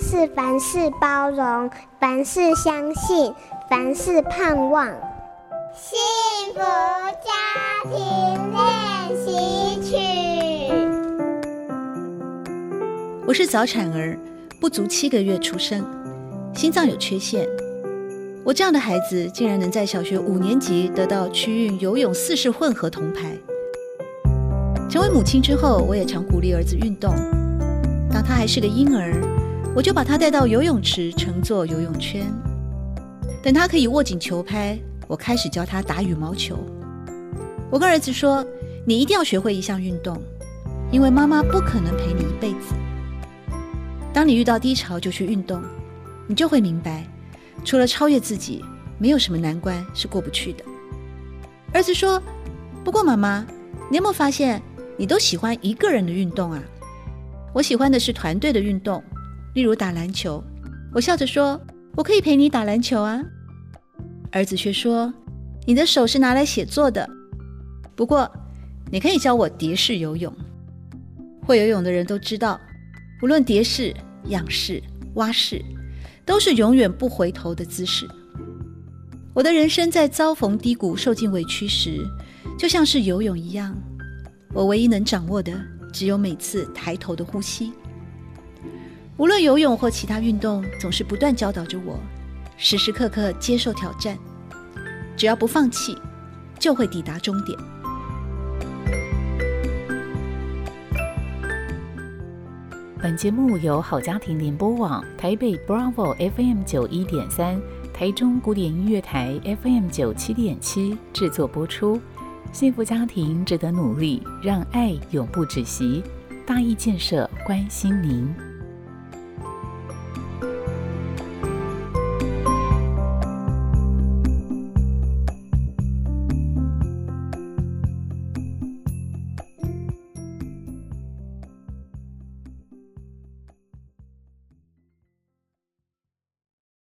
是凡事包容，凡事相信，凡事盼望。幸福家庭練習曲。我是早產兒，不足七個月出生，心臟有缺陷。我這樣的孩子竟然能在小學五年級得到區運游泳四式混合銅牌。成為母親之後，我也常鼓勵兒子運動。當他還是個嬰兒。我就把他帶到游泳池，乘坐游泳圈。等他可以握緊球拍，我開始教他打羽毛球。我跟兒子說：“你一定要學會一項運動，因為媽媽不可能陪你一輩子。當你遇到低潮，就去運動，你就會明白，除了超越自己，沒有什麼難關是過不去的。”兒子說：“不過媽媽，你有沒有發現，你都喜歡一個人的運動啊？我喜歡的是團隊的運動。”例如打籃球，我笑着說：“我可以陪你打籃球啊。”兒子卻說：“你的手是拿來寫作的，不過你可以教我蝶式游泳。會游泳的人都知道，無論蝶式、仰式、蛙式，都是永遠不回頭的姿勢。我的人生在遭逢低谷、受盡委屈時，就像是游泳一樣，我唯一能掌握的，只有每次抬頭的呼吸。”無論游泳或其他運動，總是不斷教導着我，時時刻刻接受挑戰。只要不放棄，就會抵達終點。本節目由好家庭聯播網、台北 Bravo FM 九一點三、台中古典音樂台 FM 九七點七製作播出。幸福家庭值得努力，讓愛永不止息。大義建設關心您。